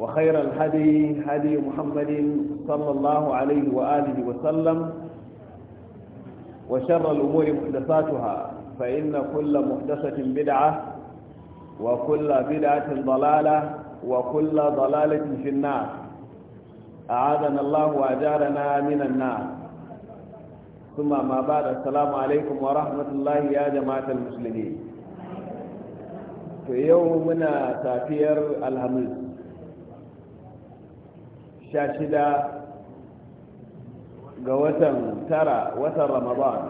وخير الهدي هدي محمد صلى الله عليه وآله وسلم وشر الأمور محدثاتها فإن كل محدثة بدعة وكل بدعة ضلالة وكل ضلالة في النار أعاذنا الله وأجارنا من النار ثم ما بعد السلام عليكم ورحمة الله يا جماعة المسلمين في يومنا تافير الهمز sha ga watan tara watan ramadan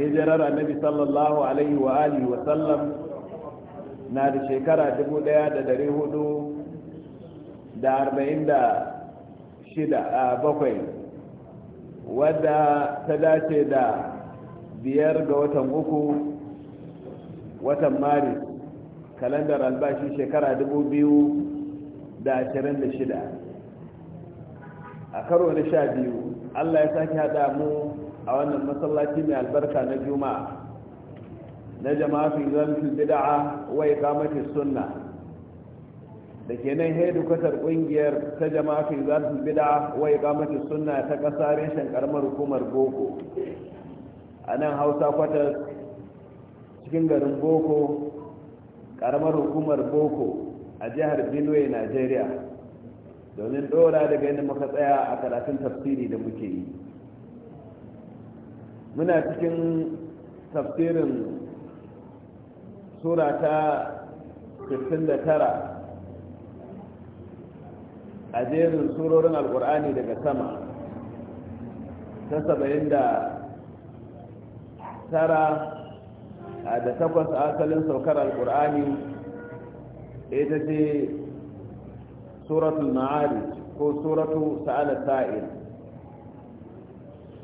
hijirar annabi sallallahu alaihi wa alihi wa sallam na da shekara dubu da shida a bakwai wadda ta dace da biyar ga watan uku watan maris kalandar albashi shekara dubu biyu da ashirin da shida a karo na sha biyu allah ya sake haɗa mu a wannan masallaci mai albarka na juma'a na jama'afin zamfin bida'a wai kamatin sunna da ke nan kasar ƙungiyar ta jama'afin zamfin bida'a wai kamatin sunna ta ƙasa reshen ƙaramar hukumar boko a nan hausa kwatas cikin garin boko ƙaramar hukumar boko a jihar benue nigeria domin dora daga yadda muka tsaya a karatun tafsiri da muke yi muna cikin tafsirin sura ta 69 a jerin surorin alkur'ani daga sama ta 79 da takwas a asalin saukar alkur'ani ita ce suratul ma'arij ko suratu sa'ala sa'il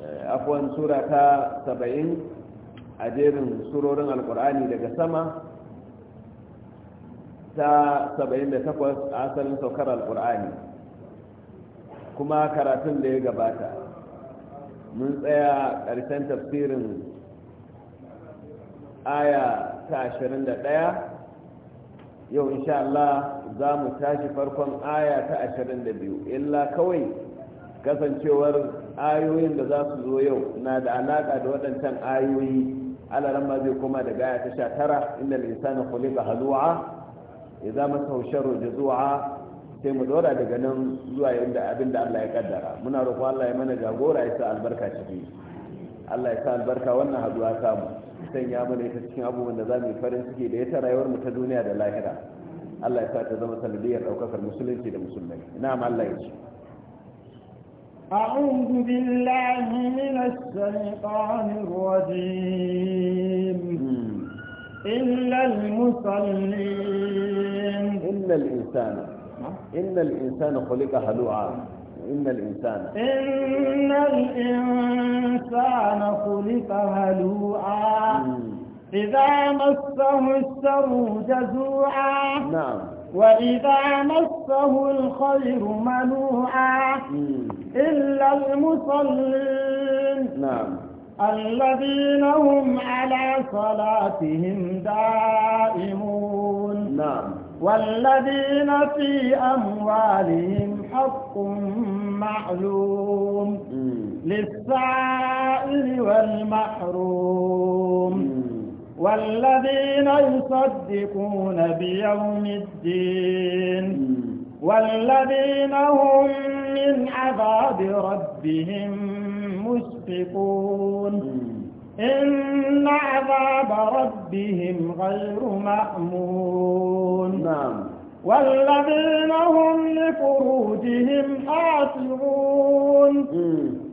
eh, afwan sura ta saba'in a jerin surorin alkur'ani daga sama ta saba'in da takwas a asalin saukar alkur'ani kuma karatun da ya gabata mun tsaya ƙarshen tafsirin aya ta ashirin da ɗaya yau insha Allah za mu tashi farkon aya ta ashirin biyu illa kawai kasancewar ayoyin da za su zo yau na da alaƙa da waɗancan ayoyi alaran ma zai koma daga aya ta 19 inda kuli kulika halu'a ya zama tausharu da zuwa sai mu dora daga nan zuwa yadda abin da Allah ya kaddara muna roƙo Allah ya mana jagora ya sa albarka ciki Allah ya sa albarka wannan haduwa samu ya mana ita cikin abubuwan da za mu yi farin ciki da ita rayuwar mu ta duniya da lahira Allah ya sa ta zama sanadiyar ɗaukakar musulunci da musulmai ina ma Allah ya ce أعوذ بالله من الشيطان الرجيم إلا المصلين إن الإنسان إن الإنسان خلق هلوعا إن الإنسان إن الإنسان خلق هلوعا إذا مسه الشر جزوعا نعم وإذا مسه الخير منوعا إلا المصلين نعم الذين هم على صلاتهم دائمون نعم والذين في أموالهم حق معلوم للسائل والمحروم والذين يصدقون بيوم الدين والذين هم من عذاب ربهم مشفقون إن عذاب ربهم غير مأمون نعم والذين هم لفروجهم حافظون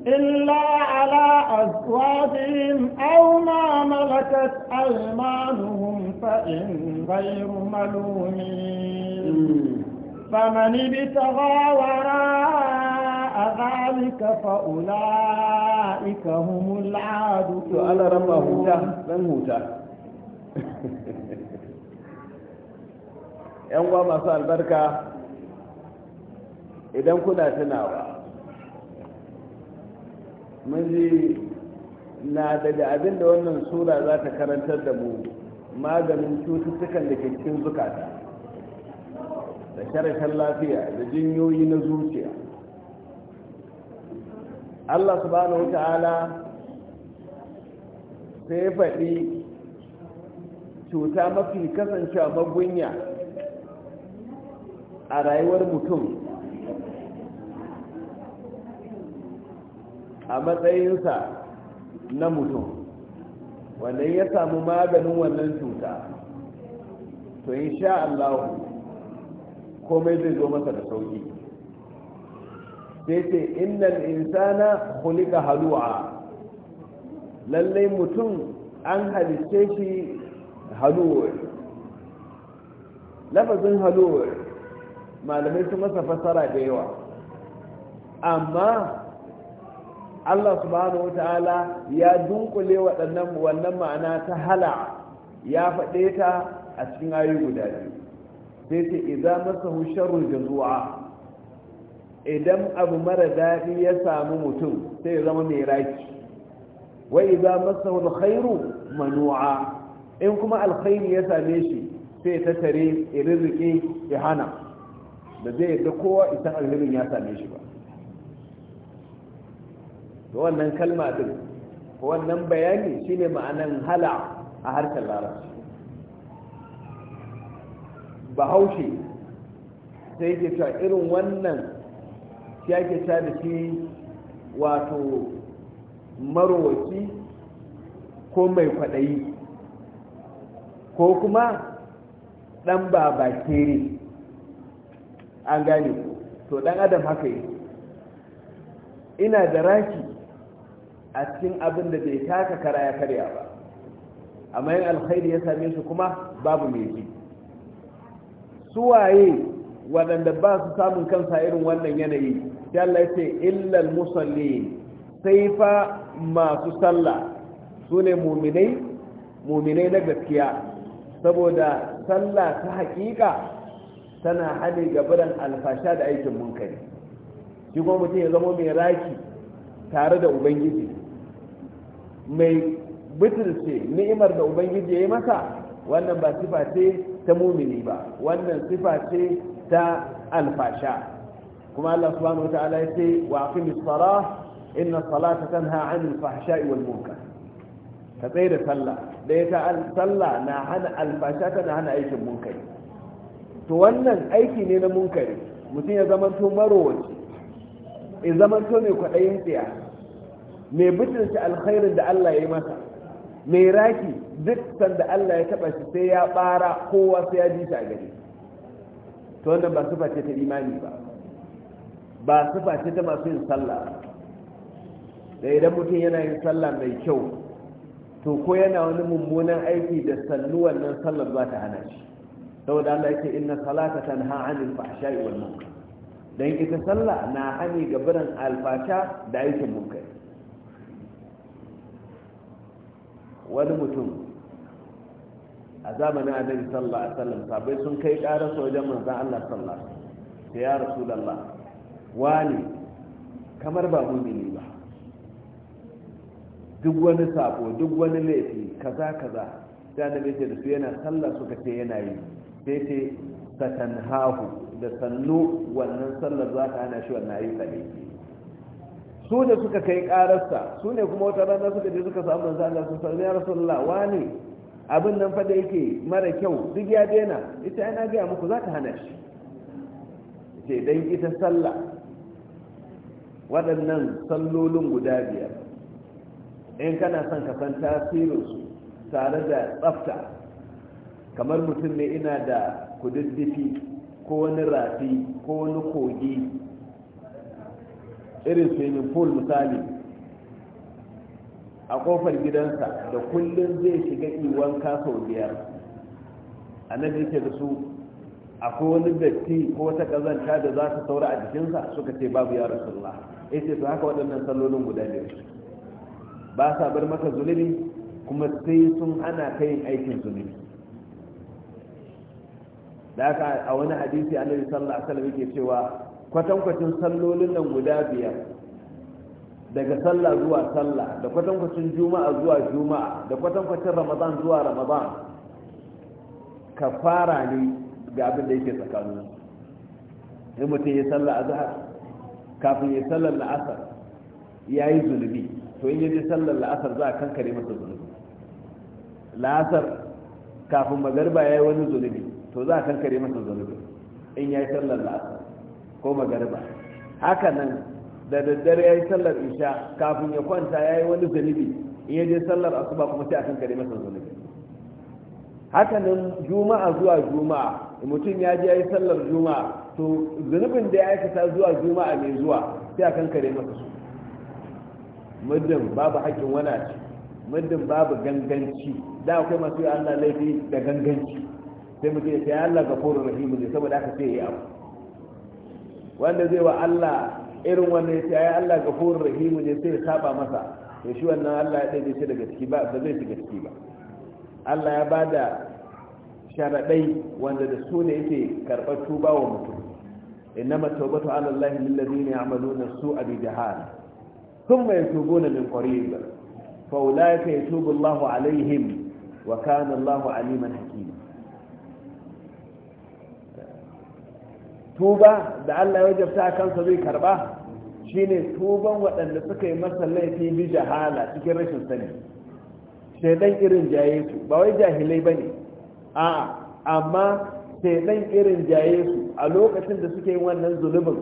إلا على أزواجهم أو ما ملكت أيمانهم فإن غير ملومين فمن ابتغى وراء ذلك فأولئك هم العادون to Allah ramma huta dan huta yan uwa masu albarka idan kuna tunawa mun ji na daga abin wannan sura za ta karantar da mu maganin cututtukan da ke cikin da sharafin lafiya da jinyoyi na zuciya Allah subhanahu ta'ala sai ya faɗi cuta mafi kasancewa magunya a rayuwar mutum a matsayinsa na mutum wanda ya samu maganin wannan cuta to in sha Allah komai zai zo masa da sauki sai ce innal insana khuliqa halu'a lallai mutum an halice shi halu'ur lafazin halu'ur malamai su masa fasara da yawa amma Allah subhanahu wata'ala ya dunkule waɗannan wannan ma'ana ta hala ya faɗe ta a cikin ayu guda biyu sai ce idza masahu sharru jazua idan abu mara daɗi ya samu mutum sai ya zama mai raki wa idza masahu alkhairu manu'a in kuma alkhairi ya same shi sai ta tare ya ihana ya hana da zai da kowa isan alherin ya same shi ba to wannan kalma din wannan bayani shine ma'anan hala a harkar larabci bahaushe sai ke cewa irin wannan shi ake da shi wato marowaci ko mai kwaɗayi ko kuma ɗan baba kere an gane to ɗan adam haka yi ina da raki a cikin abin da bai taka kara ya karya ba amma yin alkhairi ya same su kuma babu mai ji waye waɗanda ba su samun kansa irin wannan yanayi sai Allah ya ce illal musalli sai fa masu sallah su ne muminai muminai na gaskiya saboda sallah ta hakika tana ga gabaran alfasha da aikin munkari shi kuma mutum ya zama mai raki tare da ubangiji mai bitirce ni'imar da ubangiji ya yi masa wannan ba sifa ce ta mumini ba wannan sifa ce ta alfasha kuma Allah subhanahu wa ta'ala yace wa aqimis salah inna salata tanha 'anil fahsha'i wal munkar ka tsaye da sallah da ita sallah na hana alfasha na hana aikin munkari to wannan aiki ne na munkari mutum ya Maro marowaci ya zamanto mai kwaɗayin tsaya mai bitinsa alkhairin da Allah ya yi masa mai raki duk sanda Allah ya taɓa shi sai ya ɓara kowa sai ya ji shi a gari to wannan ba sufa ce ta imani ba ba sifa ce ta masu yin sallah da idan mutum yana yin sallah mai kyau to ko yana wani mummunan aiki da sannuwan nan sallar za ta hana shi saboda Allah yake inna salata tanha 'anil fahsha'i wal munkar dan ita sallah na hani ga biran alfasha da aikin munkar wani mutum a zamanin annabi sallallahu alaihi wasallam sabai sun kai ƙara wajen manzon Allah sallallahu alaihi wasallam ya rasulullah wani kamar ba mumini ba duk wani sako duk wani laifi kaza kaza sai da ce da su yana sallah suka ce yana yi sai ce satanhahu da sannu wannan sallar za ka hana shi wannan yi ne su da suka kai kararsa su ne kuma wata rana suka je suka samu manzo Allah sun sallu ya rasulullah wani abin nan fa da yake mara kyau duk ya daina ita ana ga muku za ka hana shi sai dan ita sallah waɗannan sallolin guda biyar in kana son ka san tasirinsu tare da tsafta kamar mutum ne ina da kududdufi ko wani rafi ko wani kogi irin swimming pool misali a kofar gidansa da kullum zai shiga iwon kaso biyar annabi yake da su akwai wani datti ko wata kazanta da za ta saura a jikinsa suka ce babu ya rasulullah ya ce haka waɗannan sallolin guda biyar ba sa bar maka zunubi kuma sai sun hana kai yin aikin zunubi da haka a wani hadisi annabi sallallahu alaihi wasallam yake cewa kwatankwacin sallolin nan guda biyar daga sallah zuwa sallah da kwatankwacin juma'a zuwa juma'a da kwatankwacin ramadan zuwa ramadan kafara ne ga abin da yake tsakanin in mutum ya sallah a zahar kafin ya sallar la'asar ya yi zunubi to in yaje sallar la'asar za a kankare masa zunubi la'asar kafin magarba ya yi wani zunubi to za a kankare masa zunubi in ya yi sallar la'asar ko magarba haka nan da daddare ya yi sallar isha kafin ya kwanta ya yi wani zunubi in yaje sallar asuba kuma sai a kankare masa zunubi haka nan juma'a zuwa juma'a mutum ya je ya yi sallar juma'a to zunubin da ya aikata zuwa juma'a mai zuwa sai a kankare masa su muddin babu haƙƙin wani ce muddin babu ganganci da akwai masu yi allah laifi da ganganci sai mutum ya sai allah ga koron rahimu ne saboda haka sai ya yi abu wanda zai wa allah irin wannan ya sayi allah ga koron rahimu ne sai ya saba masa ya shi wannan allah ya ɗaya shi daga ciki ba ba zai shiga ciki ba allah ya bada sharaɗai wanda da su ne yake karɓar tuba wa mutum innama tawbatu ala Allah lil ladina ya'maluna su'a bi jahal thumma yatubuna min qarib fa ulaika yatubu Allahu alaihim wa kana Allahu aliman hakima tuba da Allah ya wajabta kansa zai karba shine tuban waɗanda suka yi masa laifi bi jahala cikin rashin sani shaidan irin jaye su ba wai jahilai bane a'a amma sai dan irin jaye su a lokacin da suke yin wannan zulubin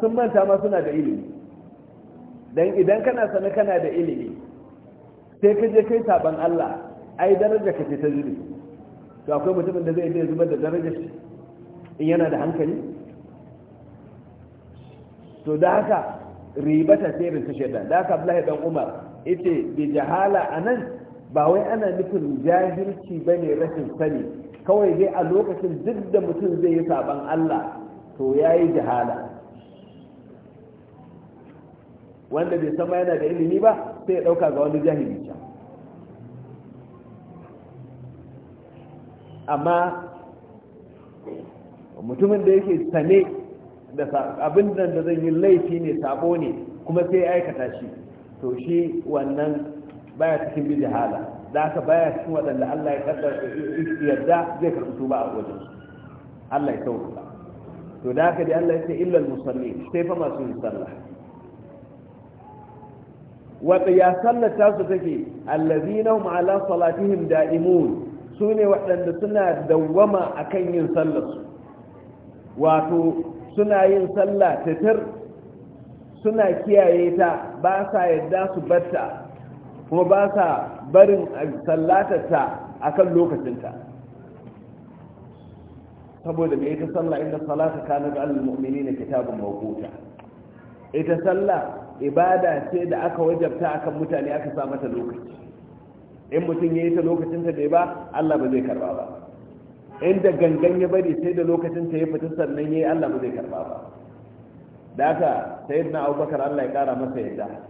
sun manta ma suna da ilimi dan idan kana sanin kana da ilimi sai ka je kai saban Allah ai daraja ka ce ta zubi to akwai mutumin da zai iya zuba da daraja, shi in yana da hankali to da haka ribata sai rinta shaidan da haka Abdullahi dan Umar yace bi jahala anan ba wai ana nufin jahilci ba ne rashin sani kawai dai a lokacin duk da mutum zai yi saban Allah to ya yi jahala wanda bai sama yana da ilimi ba sai ya ɗauka ga wani jahili can amma mutumin da yake sane da abin da zan yi laifi ne sabo ne kuma sai ya aikata shi to shi wannan baya cikin bi jahala da aka baya cikin waɗanda Allah ya kaddar yadda zai karɓi tuba a wajen Allah ya sauka to da aka dai Allah ya ce illal musalli sai fa masu yin sallah wata ya sallata su take allazina hum ala salatihim da'imun su ne waɗanda suna dawwama akan yin sallar su wato suna yin sallah titir suna kiyaye ta ba sa yadda su batta kuma ba sa barin sallatarta a kan lokacinta saboda mai ita sallah inda salata na ga'alin mumini na kitabun mawuta ita sallah ibada ce da aka wajabta akan mutane aka sa mata lokaci in mutum ya yi ta lokacinta da ba allah ba zai karba ba inda gangan ya bari sai da lokacinta ya fita sannan ya yi allah ba zai karba ba da haka sayyidina abubakar allah ya kara masa yadda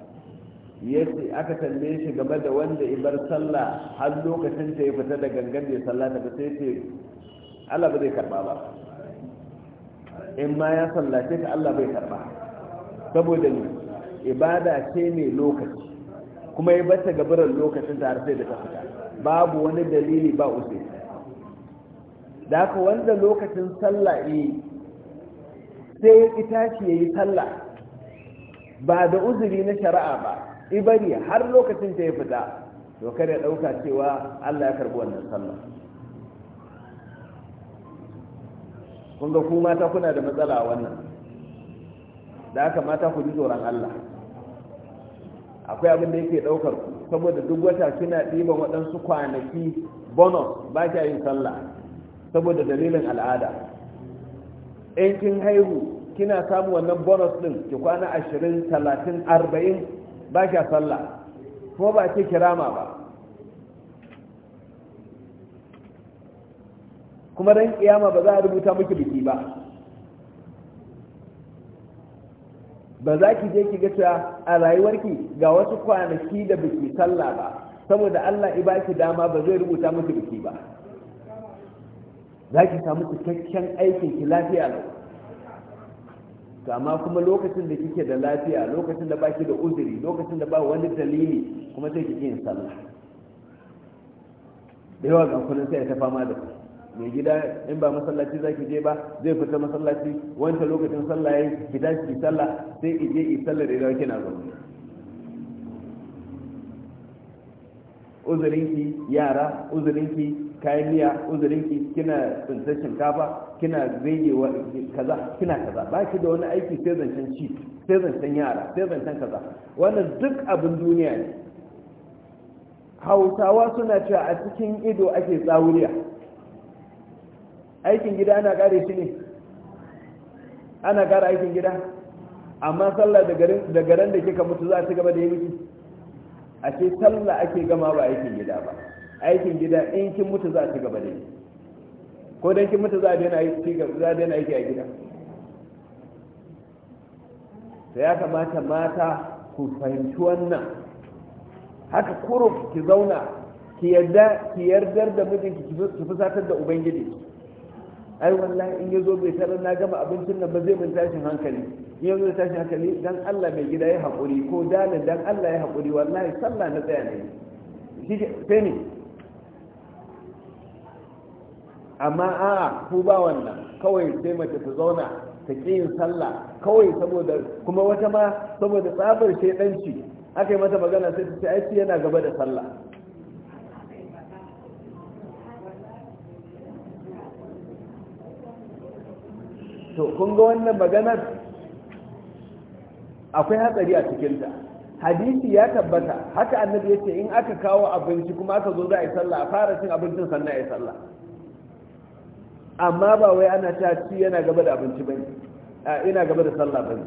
yace aka tambaye shi game da wanda ibar sallah har lokacin ta ya fita da gangan da sallah ta sai ce Allah ba zai karba ba in ma ya sallace ka Allah bai karba saboda ne ibada ce mai lokaci kuma ya bata gabaran lokacin ta har sai da ta fita babu wani dalili ba usai da haka wanda lokacin sallah yi sai ya ki tashi ya yi sallah ba da uzuri na shari'a ba ibari har lokacin da ya fita to kada ya ɗauka cewa Allah ya karbi wannan sallah kun ga ku mata kuna da matsala wannan da aka mata ku ji tsoron Allah akwai abin da yake ɗaukar ku saboda duk wata kina ɗiba waɗansu kwanaki bonus ba kya yin sallah saboda dalilin al'ada in kin haihu kina samu wannan bonus ɗin ki kwana ashirin talatin arba'in ba shi sallah kuma ba ce kirama ba kuma don kiyama ba za a rubuta muke biki ba ba za ki je ki gata a rayuwarki ga wasu kwanaki da biki sallah ba saboda Allah iba ki dama ba zai rubuta muke biki ba za ki samu cikakken aikin ki lafiya lau to amma kuma lokacin da kike da lafiya lokacin da baki da uzuri lokacin da ba wani dalili kuma sai kike yin sallah da yawa ga kullun sai ta fama da ku mai gida in ba masallaci zaki je ba zai fita masallaci wanda lokacin sallah yayi ki tashi ki sallah sai ki je ki sallar idan kina zaune uzurinki yara uzurinki kayan miya uzurin ki kina tsintar shinkafa kina zaiyewa kaza kina kaza ba ki da wani aiki sai zancen ci sai zancen yara sai zancen kaza wannan duk abin duniya ne hausawa suna cewa a cikin ido ake tsawuriya aikin gida ana kare shi ne ana kara aikin gida amma sallah da garin da kika mutu za a ci gaba da yi miki a ce sallah ake gama ba aikin gida ba aikin gida in kin mutu za a ci gaba da yi ko dan kin mutu za a daina aiki za a aiki a gida da ya kamata mata ku fahimci wannan haka kuro ki zauna ki yarda ki yardar da mijinki ki fusatar da ubangiji ai wallahi in yazo bai tarar na gama abincin nan ba zai min tashin hankali in yazo tashin hankali dan Allah mai gida ya haƙuri ko dalin dan Allah ya haƙuri wallahi sallah na tsaya ne sai ne amma a'a ku ba wannan kawai sai mace ta zauna ta ƙi yin sallah kawai saboda kuma wata ma saboda tsabar shaidanci aka yi mata magana sai ta ce aiki yana gaba da sallah to kun ga wannan maganar akwai hatsari a cikinta hadisi ya tabbata haka annabi ya ce in aka kawo abinci kuma aka zo za a yi sallah a fara cin abincin sannan a yi sallah amma ba wai ana ta ci yana gaba da abinci ba ina gaba da sallah ba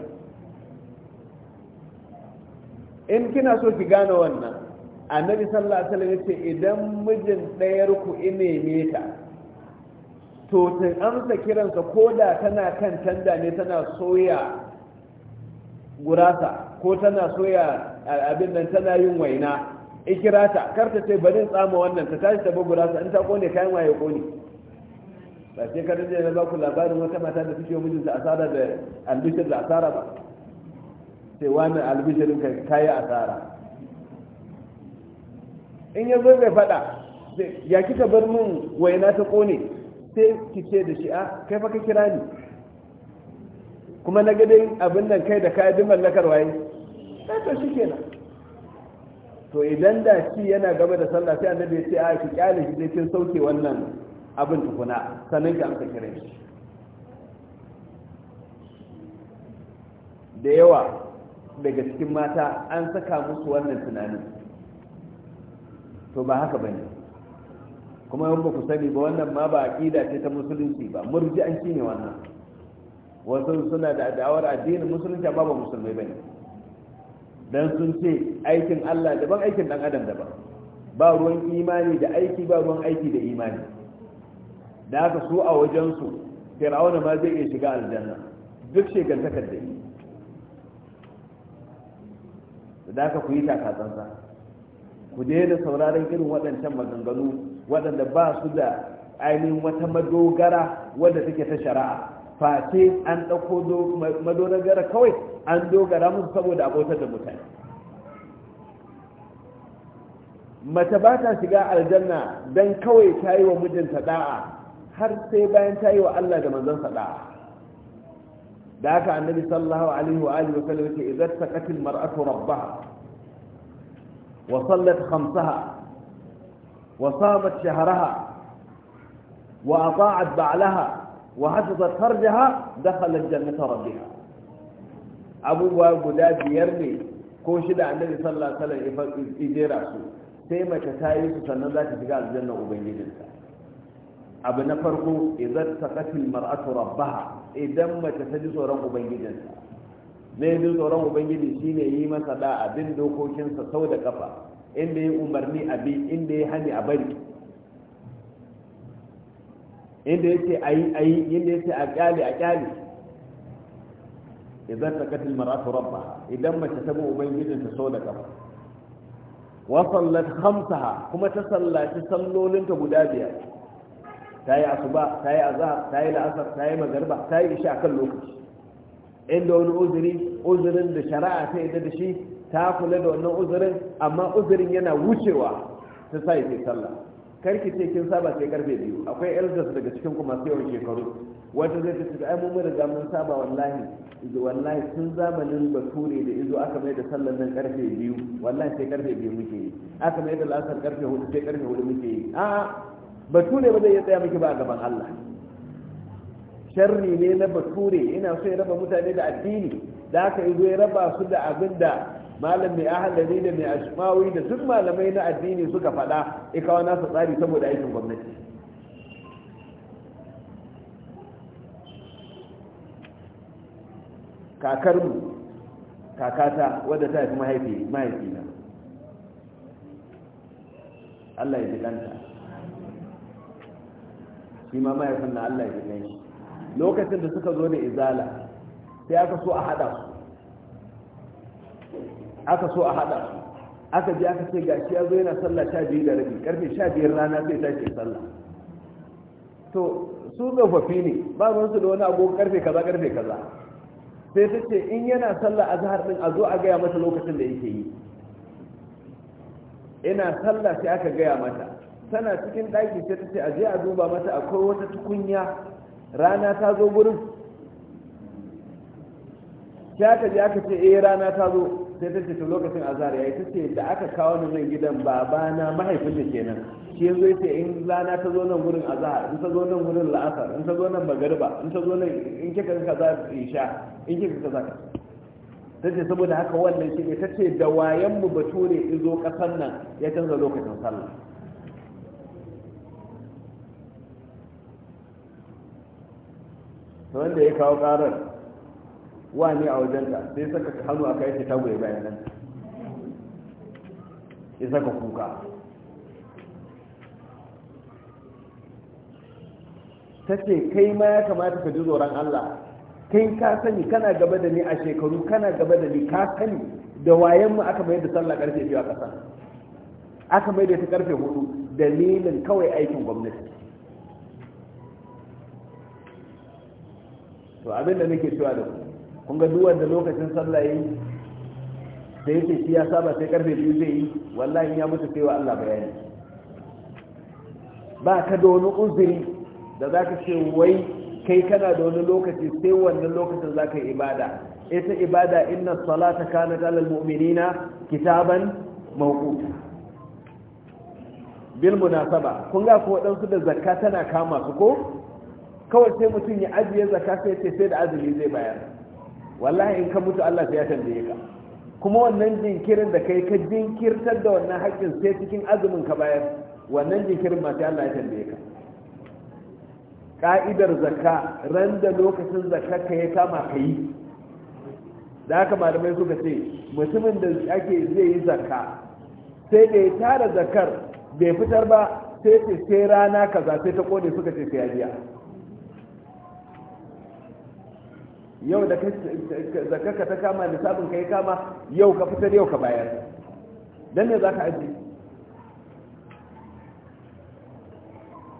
in kina so ki gane wannan annabi sallallahu alaihi wasallam yace idan mijin ɗayar ku ne ta to ta amsa kiransa ko da tana kan tanda ne tana soya gurasa ko tana soya abin nan tana yin waina ikirata ta ce bari tsama wannan ta tashi ta bi gurasa in ta kone kayan waye kone ba sai ka dace na baku labarin wata mata da suke mijinta asara da albishir da asara ba sai wani albishirin ka kayi asara in ya zo bai faɗa ya kika bar min waina ta kone sai ki ce da shi a ah, kai fa ka kira ni kuma na gadin abin nan kai da kayan mallakar waye to shi kenan to idan da shi yana gaba da sallah sai annabi ya ce a ah, ki kyale shi dai kin sauke wannan abin tukuna sannan ki amsa kiran shi da yawa daga cikin mata an saka musu wannan tunanin to ba haka bane kuma yawan ba ku sani ba wannan ma ba a ce ta musulunci ba an ne wannan wasu suna da da'awar addinin musulunci amma ba musulmai bane dan sun ce aikin Allah daban aikin dan adam daban ba ruwan imani da aiki ba ruwan aiki da imani da haka su a wajensu fir'auna ma zai iya shiga aljanna duk takar da yi da haka ku yi takatsansa ku je da sauraron irin waɗancan maganganu waɗanda ba su da ainihin wata madogara wadda take ta shari'a face an ɗauko madogara kawai an dogara musu saboda abotar da mutane mace ba ta shiga aljanna don kawai ta yi wa mijinta da'a har sai bayan ta yi wa Allah da manzon sada da haka annabi sallallahu alaihi wa alihi wa sallam yake idan taqatil mar'atu rabbaha wa sallat khamsaha wa sabat shahraha wa ata'at ba'laha wa hafizat farjaha dakhalat jannata rabbiha abubuwa guda biyar ne ko shida annabi sallallahu alaihi wa sallam ya ijera su sai mace ta yi su sannan za ta shiga aljanna ubangijinta abu na farko idan kafin mar'atu rabbaha idan mace ta ji tsoron ubangijinta ya ji tsoron ubangiji shine yi masa da abin dokokinsa sau da kafa inda ya umarni a bi inda ya hani a bari inda ya ce a yi a yi, inda ya ce a kyale a kyale idan kafin mar'atu rabbaha idan mace ta bi ubangijinta sau da kafa wa sallat khamsaha kuma ta sallaci sallolinta guda biyar ta yi asuba ta yi azahar ta yi la'asar ta yi magarba ta yi isha kan lokaci inda wani uzuri uzurin da shari'a ta yadda da shi ta kula da wannan uzurin amma uzurin yana wucewa ta sa yi sallah karki ce kin saba sai karfe biyu akwai elders daga cikin kuma sai yawan shekaru wata zai ta tafi ai mun riga mun saba wallahi izo wallahi sun zamanin bature da izo aka mai da sallar nan karfe biyu wallahi sai karfe biyu muke yi aka mai da lasar karfe hudu sai karfe hudu muke yi a'a bature ba zai iya tsaya miki ba a gaban Allah sharri ne na bature ina so ya raba mutane da addini da aka yi ya raba su da abin da malam mai ahalari da mai ashmawi da duk malamai na addini suka faɗa ikawa nasa tsari saboda aikin gwamnati kakarmu kakata wadda ta fi mahaifi mahaifina Allah ya ji ɗanta. shi ma mahaifin na Allah ya gan lokacin da suka zo da izala sai aka so a hada su aka so a hada su aka ji aka ce gashi ya zo yana sallah sha biyu da rabi karfe sha biyar rana sai tashi sallah to su tsofaffi ne ba su da wani abu karfe kaza karfe kaza sai ta ce in yana sallah a zahar din a zo a gaya mata lokacin da yake yi ina sallah sai aka gaya mata tana cikin ɗaki sai ta ce a je a duba mata akwai wata tukunya rana ta zo gurin sai aka je aka ce eh rana ta zo sai ta ce to lokacin azhar yayi ta ce da aka kawo ni nan gidan babana mahaifin da kenan shi yanzu ya ce in rana ta zo nan gurin azhar in ta zo nan gurin la'asar in ta zo nan magariba in ta zo nan in kika kaza isha in kika ka ta ce saboda haka wannan shi ne ta ce da wayan mu bature izo kasan nan ya canza lokacin sallah wanda ya kawo karar wa ne a wajenta sai saka hannu a kai ta goye bayan nan ya saka kuka ta ce kai ma ya kamata ka ji tsoron Allah kai ka sani kana gaba da ni a shekaru kana gaba da ni ka sani da wayan mu aka mai da sallah karfe biyu a ƙasa aka mai da ta karfe hudu dalilin kawai aikin gwamnati to abin da nake cewa da kun ga duk wanda lokacin sallah yayi da yake shi ya saba sai karfe biyu zai yi wallahi ya mutu sai wa Allah bayani ba ka da wani uzuri da za ka ce wai kai kana da wani lokaci sai wannan lokacin za ka yi ibada ita ibada inna salata kanat alal mu'minina kitaban mawquta bil munasaba kun ga ko wadansu da zakka tana kama su ko kawai sai mutum ya ajiye zaka sai ce sai da azumi zai bayar wallahi in ka mutu Allah sai ya tambaye ka kuma wannan jinkirin da kai ka jinkirtar da wannan haƙƙin sai cikin azumin ka bayar wannan jinkirin ma sai Allah ya tambaye ka ka'idar zakka ran da lokacin zakka ka ya kama ka yi da haka malamai suka ce mutumin da ake zai yi zakka sai da ya tara zakkar bai fitar ba sai ce sai rana kaza sai ta kone suka ce sai ya biya yau da zakaka ta kama da sabon kai kama yau ka fitar yau ka bayar dan ne za ka aji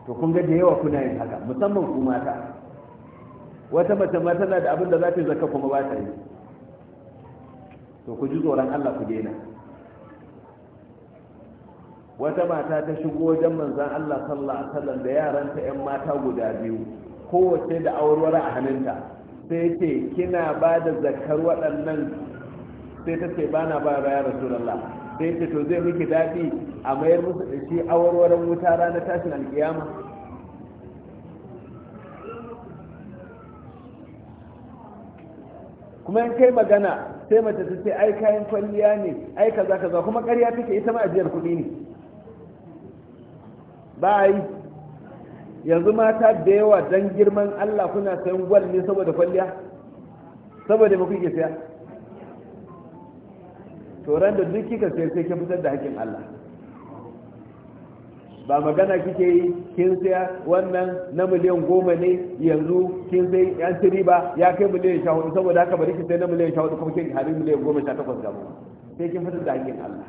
to kun ga da yawa kuna yin haka musamman ku mata wata mace ma tana da abin da za ta yi zaka kuma ba ta yi to ku ji tsoron Allah ku daina wata mata ta shigo wajen manzan Allah sallallahu alaihi wasallam da yaranta 'yan mata guda biyu kowace da aurwara a hannunta sai ce kina ba da zakar waɗannan sai ta ce ba na ba ya rasulallah sai ce to zai miki daɗi a mayar musu da shi awarwaran wuta ranar tashin alƙiyama kuma in kai magana sai mace ta ce ai kayan kwalliya ne ai kaza kaza kuma karya take ita ma ajiyar kuɗi ne ba yi yanzu mata da yawa don girman Allah kuna sayan gwal ne saboda kwalliya saboda ba kuke saya to ran da duk kika sayar sai kin fitar da hakkin Allah ba magana kike yi kin saya wannan na miliyan goma ne yanzu kin sai yan tiri ba ya kai miliyan sha hudu saboda haka bari ki sai na miliyan sha hudu kuma kin hari miliyan goma sha takwas gaba sai kin fitar da hakkin Allah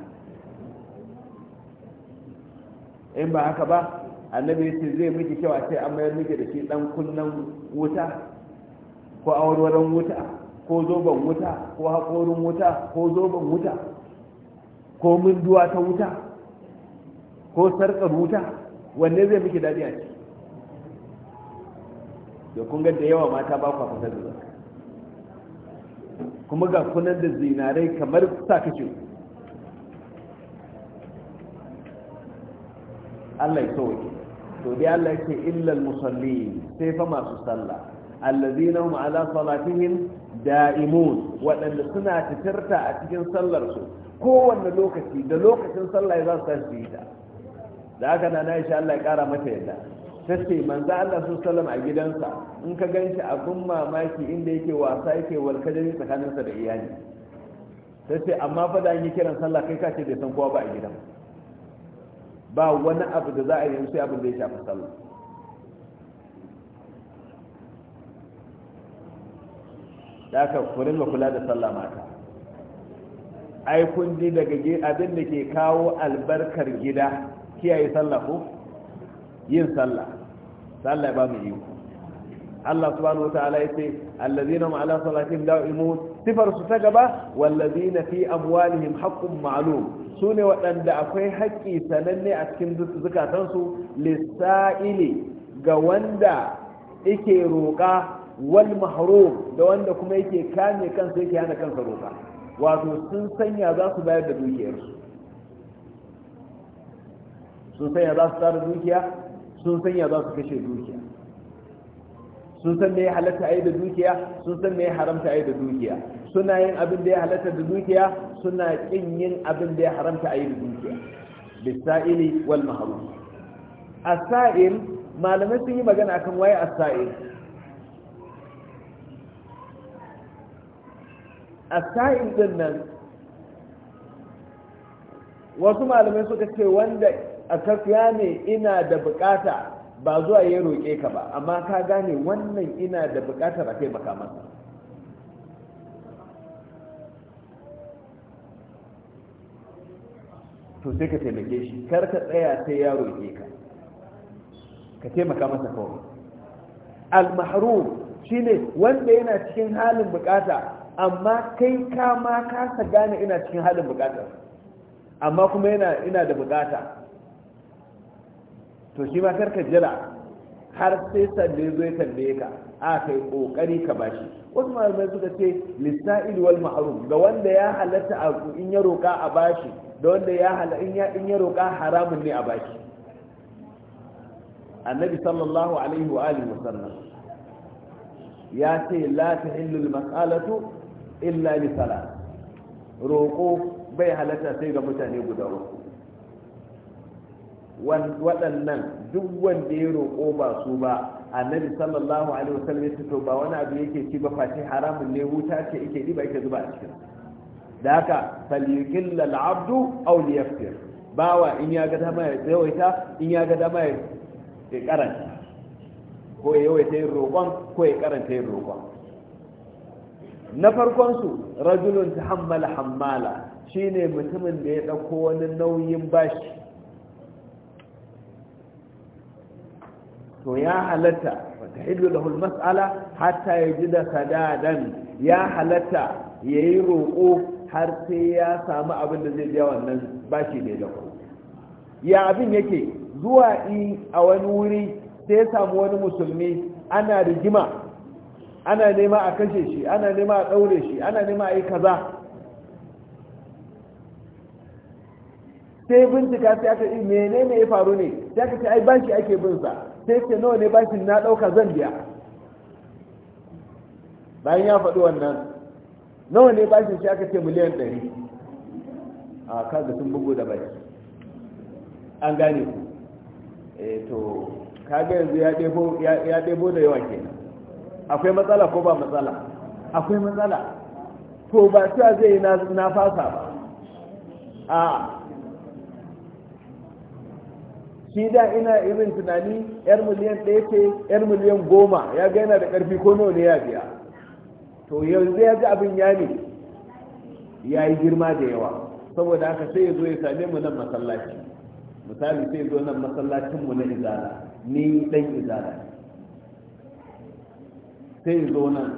in ba haka ba annabi ya ce zai miki kyau a ce an mayar miki da shi dan kunnen wuta ko awarwaran wuta ko zoben wuta ko haƙorin wuta ko zoben wuta ko munduwa ta wuta ko sarƙar wuta wanne zai miki daɗi a ce da kun ga da yawa mata ba kwa fitar da zaka kuma ga kunan da zinarai kamar sa kace Allah ya sauke to dai Allah yake illal musalli sai fa masu sallah allazina hum ala salatihim da'imun waɗanda suna tafirta a cikin sallar su kowanne lokaci da lokacin sallah ya zasu tashi ta da haka na na insha Allah ya kara mata yadda ta ce manzo Allah su sallam a gidansa in ka ganshi abin mamaki inda yake wasa yake walkadari tsakaninsa da iyali ta ce amma fa da an yi kiran sallah kai ka ce bai san kowa ba a gidan ba wani abu da za a yi sai abin da ya shafi sallah da aka kurin ga kula da sallah mata ai kun ji daga abin da ke kawo albarkar gida kiyaye sallah ko yin sallah sallah ba mu yi Allah subhanahu wa ta'ala yace allazina ma ala salatin da'imun sifar su ta gaba wallazina fi amwalihim haqqun ma'lum sune waɗanda akwai haƙƙi sananne a cikin zukatan su lisa'ili ga wanda yake roƙa wal mahrum da wanda kuma yake kame kansa yake hana kansa roƙa wato sun sanya za su bayar da dukiyarsu sun sanya za su tsara dukiya sun sanya za su kashe dukiya sun san me ya halatta a yi da dukiya sun san me ya haramta a yi da dukiya suna yin abin da ya halatta da dukiya suna kin yin abin da ya haramta a yi da dukiya bisaili wal mahrum asail malamai sun yi magana akan waye asail asail din nan wasu malamai suka ce wanda a kafiya ne ina da bukata ba zuwa ya roƙe ka ba amma ka gane wannan ina da buƙatar a taimaka masa to sai ka taimake shi kar ka tsaya sai ya roƙe ka ka taimaka masa kawai al shi ne wanda yana cikin halin buƙata amma kai ka ma kasa gane ina cikin halin buƙatar amma kuma yana ina da buƙata to shi ma karka jira har sai sanda ya zo ya tambaye ka a kai kokari ka bashi wasu malamai suka ce lissa'il wal ma'ruf ga wanda ya halatta a in ya roka a bashi da wanda ya halatta in ya in ya roka haramun ne a bashi annabi sallallahu alaihi wa alihi wasallam ya ce la tahillu al mas'alatu illa li salat roko bai halatta sai ga mutane guda uku waɗannan duk wanda ya roƙo ba su ba annabi sallallahu alaihi wasallam ya to ba wani abu yake ci ba face haramun ne wuta ce yake diba yake zuba a cikin da haka falyuqilla al-abdu aw liyaftir bawa in ya ga dama ya tsawaita in ya ga dama ya karanta ko ya yawaita yin roƙon ko ya karanta yin roƙon na farkon su rajulun tahammala hammala shine mutumin da ya ɗauko wani nauyin bashi to ya halatta wata hidu da mas'ala hatta ya ji da sadadan ya halatta ya yi roƙo har sai ya samu abin da zai biya wannan bashi da ya ya abin yake zuwa i a wani wuri sai samu wani musulmi ana rigima ana nema a kashe shi ana nema a ɗaure shi ana nema a yi kaza sai bincika sai aka yi menene ya faru ne sai aka ce ai bashi ake bin sa sai ce nawa ne bashin na ɗauka zan biya bayan ya faɗi wannan nawa ne bashin shi aka ce miliyan ɗari a kaga sun bugu da baki an gane ku eh to kaga yanzu ya ɗebo da yawa ke akwai matsala ko ba matsala akwai matsala to ba cewa zai na fasa ba a shi da ina irin tunani yar miliyan ɗaya ce yar miliyan goma ya ga yana da ƙarfi ko nawa ne ya biya to yanzu ya ga abin ya ne ya yi girma da yawa saboda haka sai ya zo ya same mu nan masallaci misali sai ya zo nan masallacin mu na izala ni ɗan izala sai ya zo nan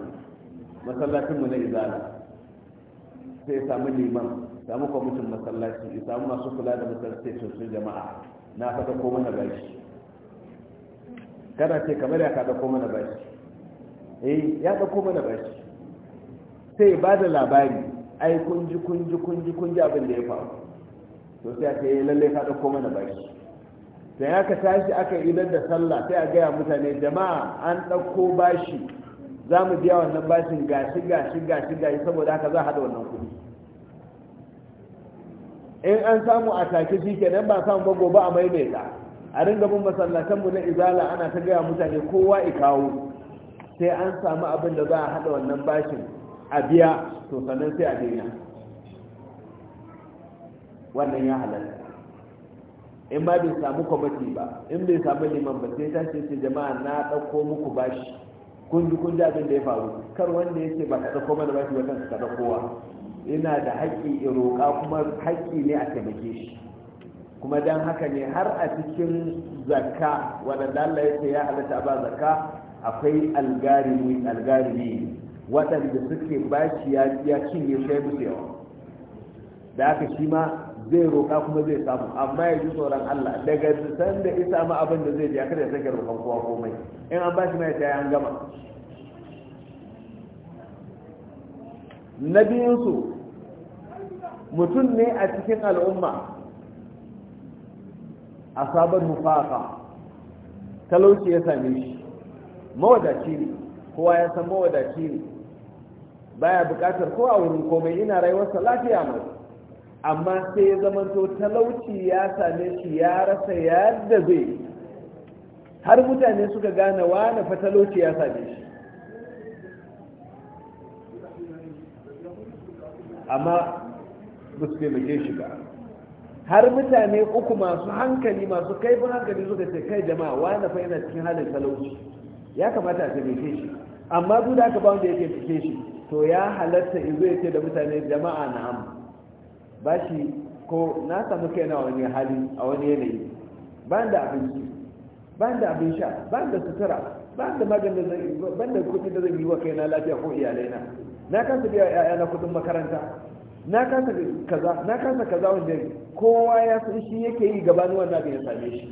masallacin mu na izala sai ya samu liman samu kwamitin masallaci ya samu masu kula da masallaci sosai jama'a na ka dauko mana bashi kana ce kamar ya ka dauko mana bashi eh ya dauko mana bashi sai ba da labari ai kunji kunji kunji kunji abin da ya faru to sai aka yi lallai ka dauko mana bashi sai aka tashi aka idar da sallah sai a gaya mutane jama'a an ɗauko bashi za mu biya wannan bashin gashi gashi gashi gashi saboda haka za a haɗa wannan kuɗi in an samu a take shi nan ba samu ba gobe a maimaita a ringa bin masallatanmu na izala ana ta gaya mutane kowa i kawo sai an samu abin da za a haɗa wannan bashin a biya to sannan sai a daina wannan ya halatta in ba bai samu kwamati ba in bai samu liman ba sai tashi ce jama'a na ɗauko muku bashi kun ji kun ji abin da ya faru kar wanda ya ce ba ka ɗauko mana bashi ba kanka ka wa yana da haƙƙi in roƙa kuma haƙƙi ne a taimake shi kuma don haka ne har a cikin zakka wanda Allah ya ce ya halatta ba zakka akwai algarimi algarimi waɗanda suke bashi ya ya cinye sai yawa da haka shi ma zai roƙa kuma zai samu amma ya ji tsoron Allah daga sanda isa ma abin da zai je kada ya sake roƙon kowa komai in an bashi ya ta an gama na biyunsu mutum ne a cikin al'umma a sabon mufaka talauci ya same shi mawadaci ne kowa ya san mawadaci ne baya bukatar ko a wurin komai ina rayuwarsa lafiya mai amma sai ya zamanto talauci ya same shi ya rasa yadda zai har mutane suka gane na fa talauci ya same shi amma ba su taimake shi ba har mutane uku masu hankali masu kaifin hankali suka ce kai jama'a wa na yana cikin halin talauci ya kamata a taimake shi amma duk da aka ba wanda ya taimake shi to ya halatta izo zai ce da mutane jama'a na'am ba shi ko na samu kaina wani hali a wani yanayi ba da abinci ba da abin sha ba da sutura ba da maganin zai ba da kuɗi da zai yi wa kaina lafiya ko iyalaina na kasa biya ya'ya na kudin makaranta na kasa kaza na kasa kaza wanda kowa ya san shi yake yi ga wannan abin ya same shi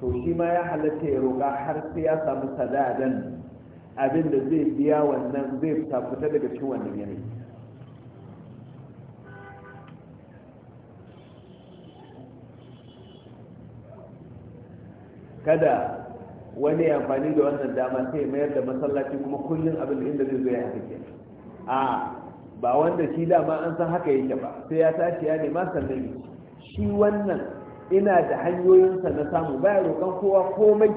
to shi ma ya halatta ya roka har sai ya samu sadadan abin da zai biya wannan zai fita daga cikin wannan yanayi kada wani amfani da wannan dama sai mayar da masallaci kuma kullum abin inda zai zo ya haka a ba wanda shi dama an san haka yake ba sai ya tashi ya nema sannan yi shi wannan ina da hanyoyinsa na samu baya roƙon kowa komai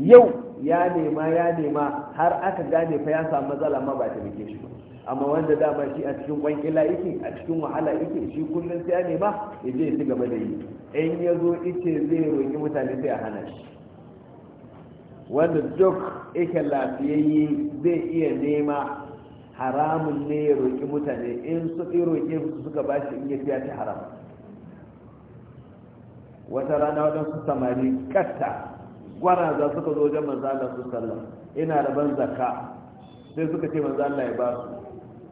yau ya nema ya nema har aka gane fa ya samu matsala ma ba ta muke shi amma wanda dama shi a cikin kwankila yake a cikin wahala yake shi kullum sai ya nema ya je ya gaba da yi in ya zo ice zai roƙi mutane sai a hana shi wanda duk yake lafiyayye zai iya nema haramun ne ya roƙi mutane in su ɗi roƙe su suka ba shi in ya fiya ta haram wata rana waɗansu samari katta gwaraza suka zo wajen manzo Allah su sallam ina ban zakka sai suka ce manzo Allah ya ba su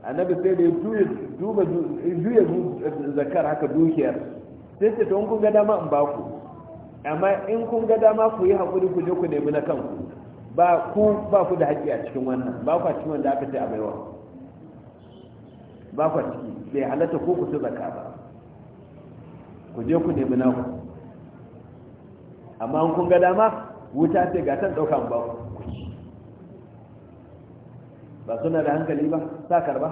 annabi sai da ya duba juya zakar haka dukiyar sai ce to kun ga dama in ba ku amma in kun ga dama ku yi hakuri ku je ku nemi na kanku ba ku ba ku da haƙƙi a cikin wannan ba ku a cikin wanda aka ce a baiwa ba kwa ciki bai halatta ko ku ci ba ku je ku nemi naku amma kun ga dama wuta ce ga tan ɗaukan ba ku ci ba suna da hankali ba sakar ba,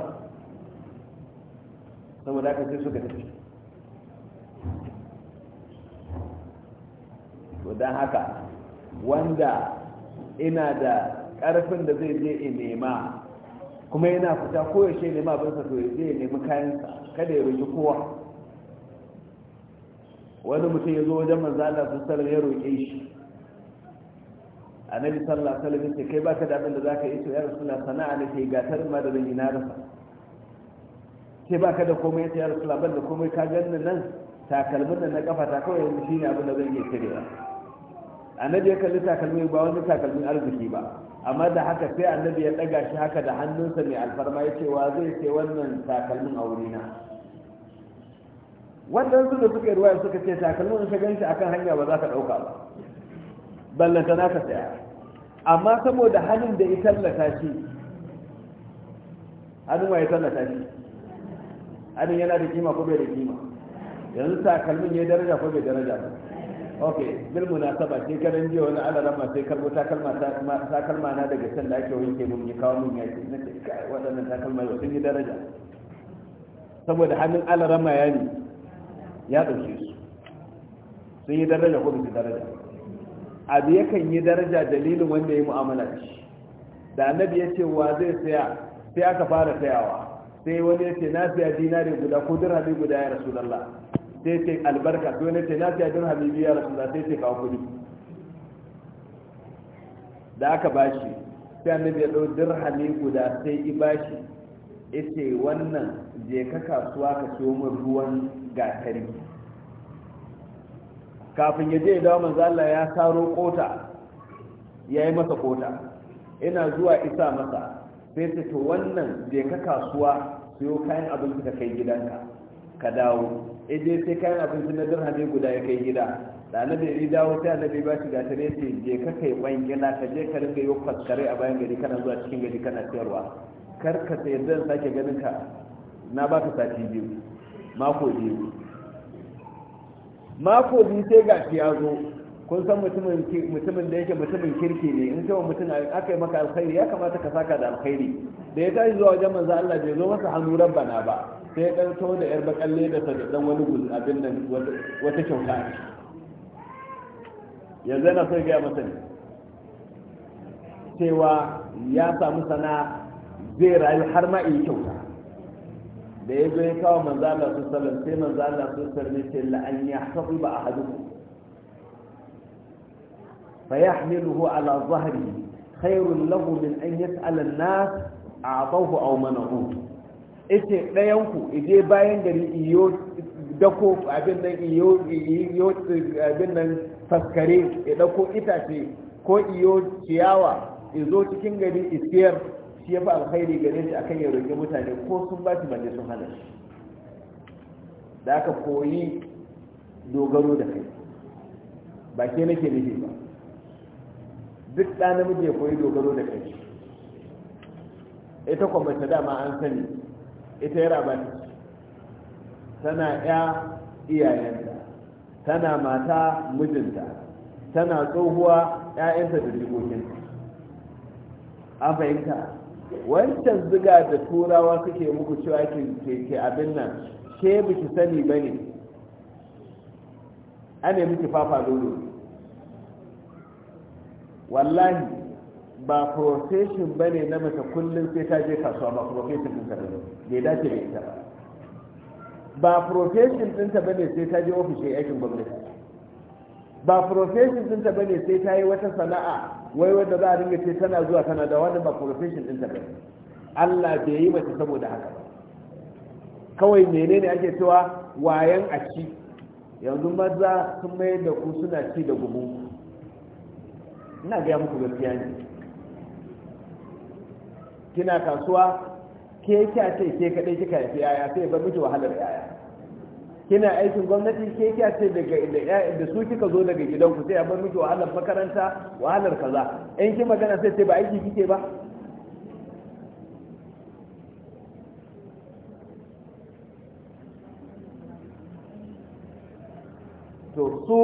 saboda haka sai suka tafi to don haka wanda ina da ƙarfin da zai je in nema kuma yana fita koyaushe ne ma abinsa to zai ya nemi kayansa kada ya roƙi kowa wani mutum ya zo wajen manzo Allah su sallar ya roƙe shi annabi sallallahu alaihi wasallam sai kai baka da abin da zaka yi to ya rasulullah sana'a ne kai gatar ma da zan ina na rasa sai baka da komai ya rasulullah ban da komai ka ganna nan takalmin nan na kafa ta kawai yanzu shine abin da zan iya cirewa annabi ya kalli takalmi ba wani takalmin arziki ba amma da haka sai annabi ya daga shi haka da hannunsa mai alfarma ya ce wa zai ce wannan takalmin aure na waɗansu da suka ruwa suka ce takalmin ka gan shi akan hanya ba za ka ɗauka ba ballanta na ka saya amma saboda hannun da ya tallata shi hannun wa ya tallata shi hannun yana da kima ko bai da kima yanzu takalmin ya daraja ko bai daraja ba ok bil munasaba sai karan jiya wani ala ma sai karbo takalma na daga can da ake wanke mun ya kawo mun yaki na ce kai waɗannan takalma yau sun yi daraja saboda hannun ala ma ya ne ya ɗauke su sun yi daraja ko bisa daraja abu yakan yi daraja dalilin wanda ya mu'amala da shi da annabi ya ce wa zai saya sai aka fara sayawa sai wani ya ce na siya dinari guda ko dirhami guda ya rasulallah. sai ce albarka to ne ce na don habibi ya rasu da sai ce kawo kuɗi da aka bashi sai annabi ya dau dirhami guda sai i bashi yace wannan je ka kasuwa ka siyo min ruwan gatari kafin ya je dawo manzo Allah ya saro kota ya masa kota ina zuwa isa masa sai ce to wannan je ka kasuwa siyo kayan abinci ka kai gidanka ka dawo ya sai kayan abinci na dirhami guda ya kai gida da annabi ya dawo sai annabi ba shi gatare ce je ka kai kwangila ka je ka rinka yi faskare a bayan gari kana zuwa cikin gari kana sayarwa kar ka sayar zan sake ganin ka na baka sati biyu mako biyu mako biyu sai ga ya zo kun san mutumin da yake mutumin kirki ne in sai mutum aka yi maka alkhairi ya kamata ka saka da alkhairi da ya tashi zuwa wajen manzo Allah bai zo masa hannu rabbana ba sai ya ɗauko da yar bakan ledarsa da ɗan wani abin nan wata kyauta a yanzu yana sai gaya masa ne cewa ya samu sana'a zai rayu har ma yi kyauta da ya zo ya kawo manzo Allah su sallam sai manzo Allah su sallam ce la an yahsabu ba ahadukum fa yahmiluhu ala zahrihi khairun lahu min an yas'ala an-nas a'tahu aw manahu ita ɗayanku ije bayan gari iyo dako abin nan iyo iyo abin nan faskare ya dako itace ko iyo ciyawa ya zo cikin gari isiyar shi ya fi alkhairi gare shi akan ya roƙi mutane ko sun ba shi balle sun hana shi da aka koyi dogaro da kai ba ke nake nufi ba duk ɗan namiji ya koyi dogaro da kai ita kwamfata dama an sani ita ya tana ya iyayenta tana mata mijinta tana tsohuwa ‘ya'yanta da jikokinta a fahimta wancan ziga da turawa suke muku cewa ke abin nan ke biki sani ba ne ana muke fafa dole wallahi ba profession ba ne na mace kullum sai ta je kasuwa ba profession ɗinta ba ne bai dace da ita ba ba profession ɗinta ba ne sai ta je ofishin aikin gwamnati ba profession ɗinta ba ne sai ta yi wata sana'a wai wanda za a ringa ce tana zuwa tana da wannan ba profession ɗinta ba ne Allah bai yi mace saboda haka ba kawai menene ake cewa wayan a ci yanzu maza sun mayar da ku suna ci da gumu ina gaya muku gaskiya ne kina kasuwa ke kya ce ke kadai kika haifi yaya sai ba miki wahalar yaya kina aikin gwamnati ke kya ce daga da su kika zo daga gidanku sai a bar miki wahalar makaranta wahalar kaza in ki magana sai ce ba aiki kike ba to su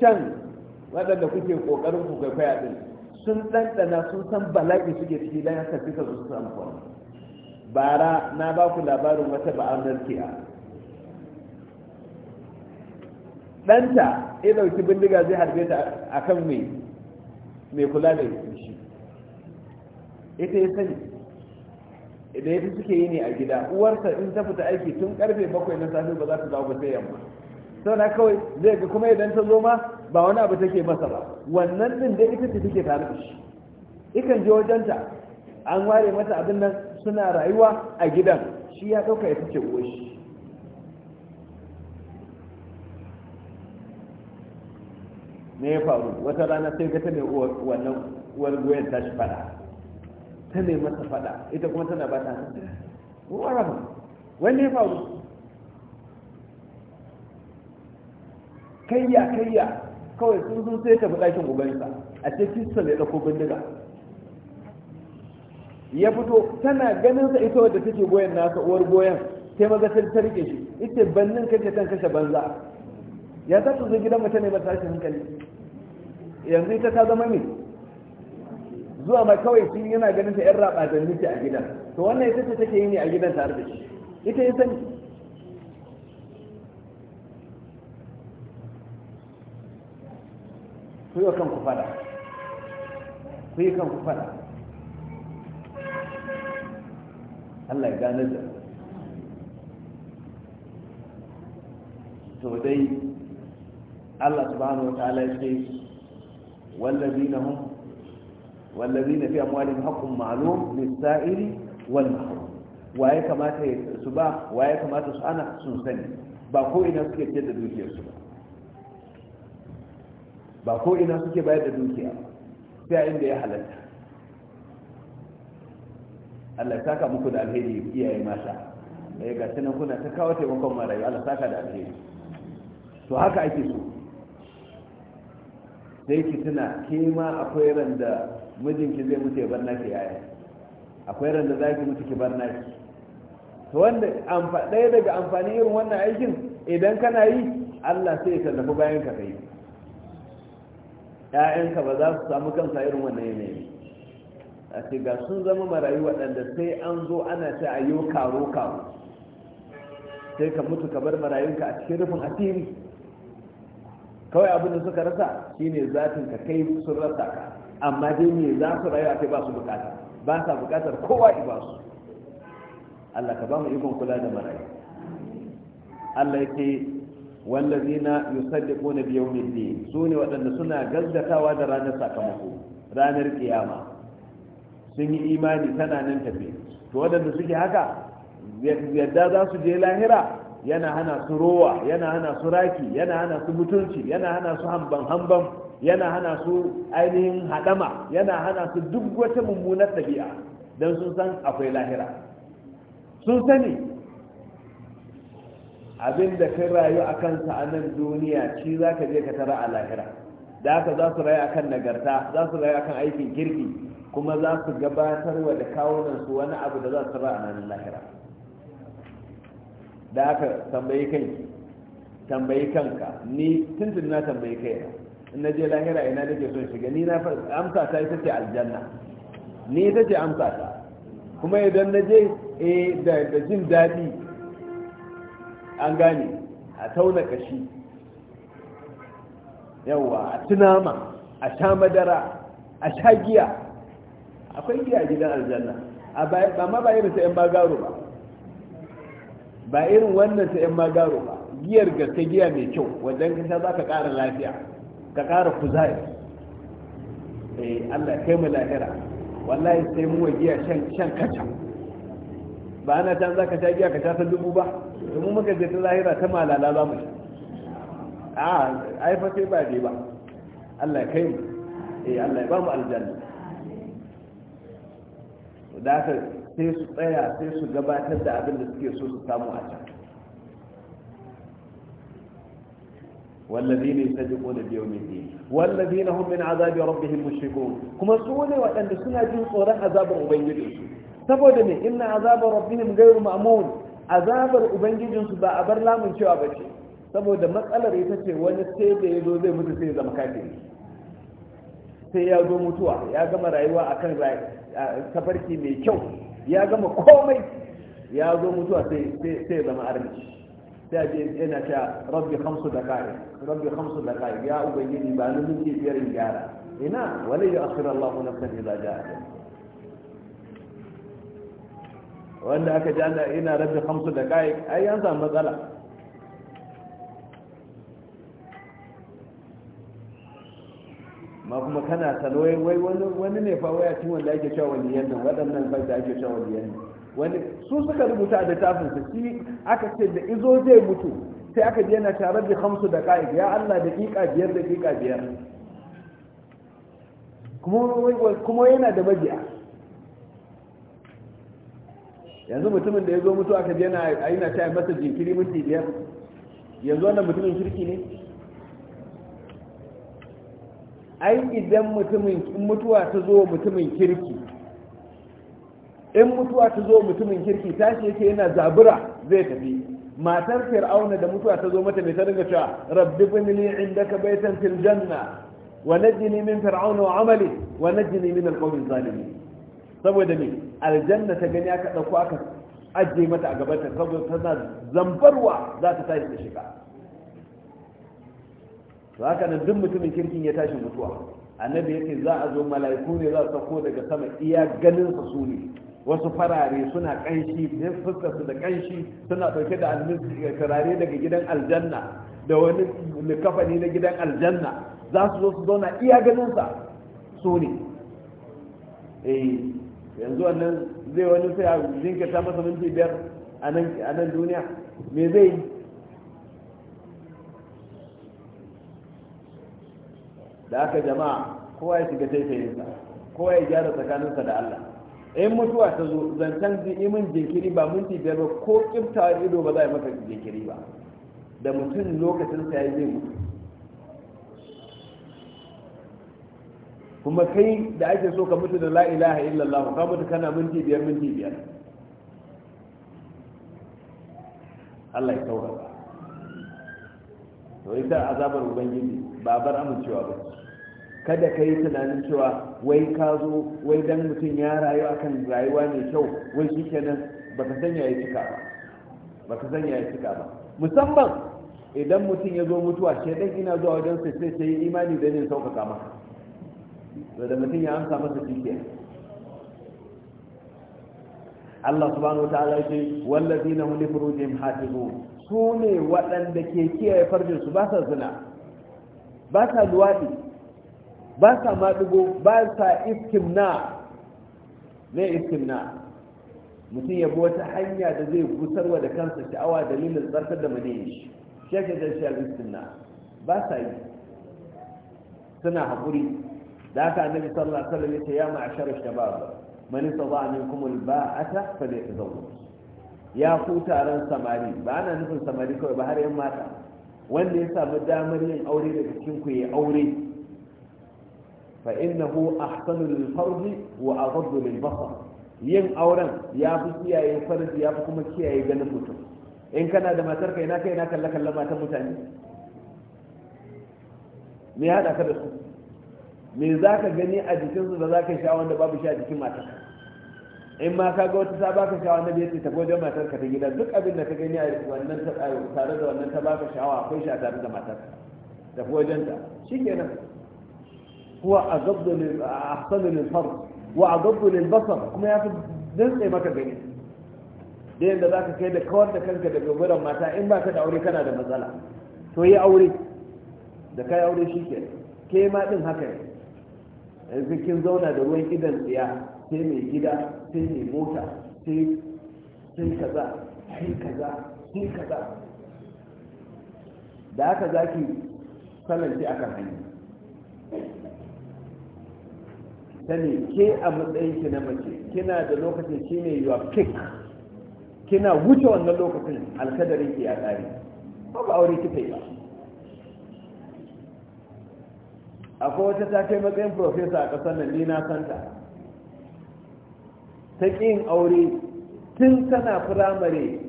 can waɗanda kuke ƙoƙarin ku kwaikwaya ɗin sun ɗanɗana sun san bala'i suke ciki don haka suka su su amfani bara na ba ku labarin wata ba'anar kiya ɗanta ya ɗauki bindiga zai harbe ta a kan mai mai kula da shi ita ya sani da ya suke yi ne a gida uwarsa in ta fita aiki tun karfe bakwai na safe ba za ta dawo ba sai yamma sau na kawai zai ga kuma idan ta zo ma ba wani abu take masa ba wannan din da ita ce take tare da shi ikan je wajenta an ware mata abin nan suna rayuwa a gidan shi ya ɗauka ita ce uwar shi me ya faru wata rana sai ga ta ne wannan uwar goyon ta shi fada ta ne mata fada ita kuma tana ba ta hannu wani wani ya faru kayya kayya kawai sun sun sai tafi ɗakin ubansa a ce kista mai ɗauko bindiga ya fito tana ganin sa ita wadda take goyon nasa uwar goyon sai maza ta rike shi ita bannin kace kan kashe banza ya za su zo gidan mace ne ba tashin hankali yanzu ita ta zama ne zuwa ma kawai shi yana ganin ta yan raɓa da a gidan to wannan ita ce take yi ne a gidan tare da shi ita ya sani ku yi wa kanku fada ku yi kanku fada Allah ya gane da to dai Allah subhanahu wa ta'ala ya ce wallazina hum wallazina fi amwalihim haqqun ma'lum lis-sa'ili wal mahrum wa ya kamata su ba wa ya kamata su ana sun sani ba ko ina suke ce da dukiyarsu ba ba ko ina suke bayar da dukiya sai inda ya halatta Allah saka muku da alheri iyaye mata eh ga tunan kuna ta kawo taimakon marayu Allah saka da alheri to haka ake so sai ki tuna ke ma akwai ran da mijinki zai mutu ya bar naki yaya akwai ran da zaki mutu ki bar naki to wanda ɗaya daga amfani irin wannan aikin idan kana yi Allah sai ya tallafi bayan ka kai 'ya'yanka ba za su samu kansa irin wannan yanayi a ce ga sun zama marayu waɗanda sai an zo ana ta a yau karo karo sai ka mutu ka bar marayunka a cikin rufin asiri kawai abin da suka rasa shine zatin ka kai sun rasa ka amma dai me za su rayu a kai ba su bukata ba sa bukatar kowa ba su Allah ka ba mu ikon kula da marayu Allah ya ce wallazina yusaddiquna bi yawmid din sune wadanda suna gaddatawa da ranar sakamako ranar kiyama sun yi imani tana nan tafi to wadanda suke haka yadda za su je lahira yana hana su rowa yana hana su raki yana hana su mutunci yana hana su hamban hamban yana hana su ainihin haɗama yana hana su duk wata mummunar ɗabi'a don sun san akwai lahira sun sani abin da kai rayu a kansa a nan duniya shi za ka je ka tara a lahira da haka za su rayu akan nagarta za su rayu akan aikin kirki kuma za su gabatar wa da kawunan su wani abu da za su tara a nan lahira da haka tambayi kanki tambayi kanka ni tuntun na tambayi kaina in na je lahira ina nake son shiga ni na amsa ta ita ce aljanna ni ita ce amsa ta kuma idan na je eh da jin daɗi an gane a tauna kashi yawa a tunama a sha madara a sha giya akwai giya gidan aljanna ba ma ba irin ta 'yan magaro ba ba irin wannan ta 'yan magaro ba giyar gaske giya mai kyau wajen kasha za ka ƙara lafiya ka ƙara kuzari eh allah kai mu lahira wallahi sai mu wa giya shan kaca ba ana ta za ka sha giya ka tasa dubu ba domin muka je ta lahira ta malala za mu shi a aifa sai ba dai ba Allah ya kai mu eh Allah ya ba mu aljanna da haka sai su tsaya sai su gabatar da abin da suke so su samu a can والذين يصدقون بيوم الدين والذين هم من عذاب ربهم مشفقون كما سوى ne waɗanda suna jin tsoron azabar ubangijinsu saboda me inna azabar rabbihim ghayru ma'mun azabar ubangijinsu ba a bar lamun cewa ba ce saboda matsalar ita ce wani sai da yazo zai mutu sai zama kafiri sai ya zo mutuwa ya gama rayuwa akan tafarki mai kyau ya gama komai ya zo mutuwa sai sai zama arziki. sai je yana ta rabbi khamsu da rabbi khamsu da ya ubangiji ba ni minti biyar in gyara ina walai ya akhira Allah nafsan ila ja'a wanda aka ji ana ina rabbi hamsu da kai ai an samu matsala ma kuma kana salo wai wani ne fa waya cin wanda ake cewa wani yanda waɗannan ba da ake cewa wani yanda wani su suka rubuta da tafin su shi aka ce da izo zai mutu sai aka ji yana tare da hamsu da kai ya Allah daƙiƙa biyar da kika biyar kuma yana da mabiya yanzu mutumin da ya zo mutu aka yi na aina ta masa jinkiri mutu, biyar yanzu wannan mutumin kirki ne ai idan mutumin mutuwa ta zo mutumin kirki in mutuwa ta zo mutumin kirki ce ke yana zabura zai tafi matar fir'auna da mutuwa ta zo mata mai ta dinga rabbi bin inda ka baitan fil janna wa najini min fir'auna wa amali wa najini min alqawmi zalimin saboda me aljanna ta gani aka dauko aka ajiye mata a gaban ta, saboda tana zambarwa za ta tashi ta shiga to haka nan duk mutumin kirkin ya tashi mutuwa annabi yake za a zo mala'iku ne za su sako daga sama iya ganin su su ne wasu farare suna kanshi fuskar su da kanshi suna dauke da turare daga gidan aljanna da wani likafani na gidan aljanna za su zo su zauna iya ganin sa su ne eh, yanzu wannan zai wani sai a jinkirta masa minti biyar a nan duniya me zai yi da aka jama'a kowa ya shiga taifayinsa kowa ya gyara tsakaninsa da Allah in mutuwa ta zo zancen imin jinkiri ba minti biyar ba ko kiftawar ido ba za a yi maka jinkiri ba da mutum lokacin ya je mutu kuma kai da ake so ka mutu da la ilaha illallah ka mutu kana minti biyar minti biyar Allah ya saurara to ita azabar ubangiji ba bar amincewa ba kada ka yi tunanin cewa wai ka zo wai dan mutum ya rayu akan rayuwa mai kyau wai shikenan baka sanya ya cika ba baka sanya ya cika ba musamman idan mutum ya zo mutuwa shedan ina zuwa wajen sai sai yi imani da ne sauka maka to da mutum ya amsa masa shi Allah subhanahu wa ta'ala ce wallazina hum li furujihim hafizun su ne waɗanda ke kiyaye farjin su ba sa zina ba sa luwaɗi ba sa maɗigo ba sa iskimna ne iskimna mutum ya bi wata hanya da zai gusarwa da kansa sha'awa dalilin tsarkar da maniyin shi da shi al-iskimna ba sa yi suna haƙuri da aka annabi sallallahu alaihi wasallam yace ya ma'ashar shabab man istata minkum alba'ata falyatazawwaj ya ku taron samari ba ana nufin samari kawai ba har yan mata wanda ya samu damar yin aure daga cikin ku ya aure fa innahu ahsanu lil farji wa aghaddu lil basar yin auren ya fi kiyaye farji ya fi kuma kiyaye ganin mutum in kana da matar kai na kai na kalle kalla matan mutane me ya haɗa ka da su me za ka gani a jikinsu da za ka sha wanda babu sha jikin matarka in ma ka ga wata ta baka da ya biyar ta gojen matarka ta gida duk abin da ka gani a wannan ta tare da wannan ta baka sha'awa akwai sha tare da matarka ta gojen ta shikenan huwa azabdu lil a lil faru wa a lil basar kuma ya fi dantse maka gani da yadda za ka kai da kawar da kanka daga gurin mata in ba ka da aure kana da matsala to yi aure da ka yi aure shi ke ke ma din haka ne yanzu kin zauna da ruwan idan tsiya sai mai gida sai mai mota sai kaza sai kaza sai kaza da haka za ki sanance a kan hanyar sani ke a matsayin ki na mace kina da lokacin shi ne yiwa kik kina wuce wannan lokacin alkadarin ki ya tsari ba ba aure kika yi ba akwai wata ta kai matsayin profesa a ƙasar nan ni santa ta ƙin aure tun tana firamare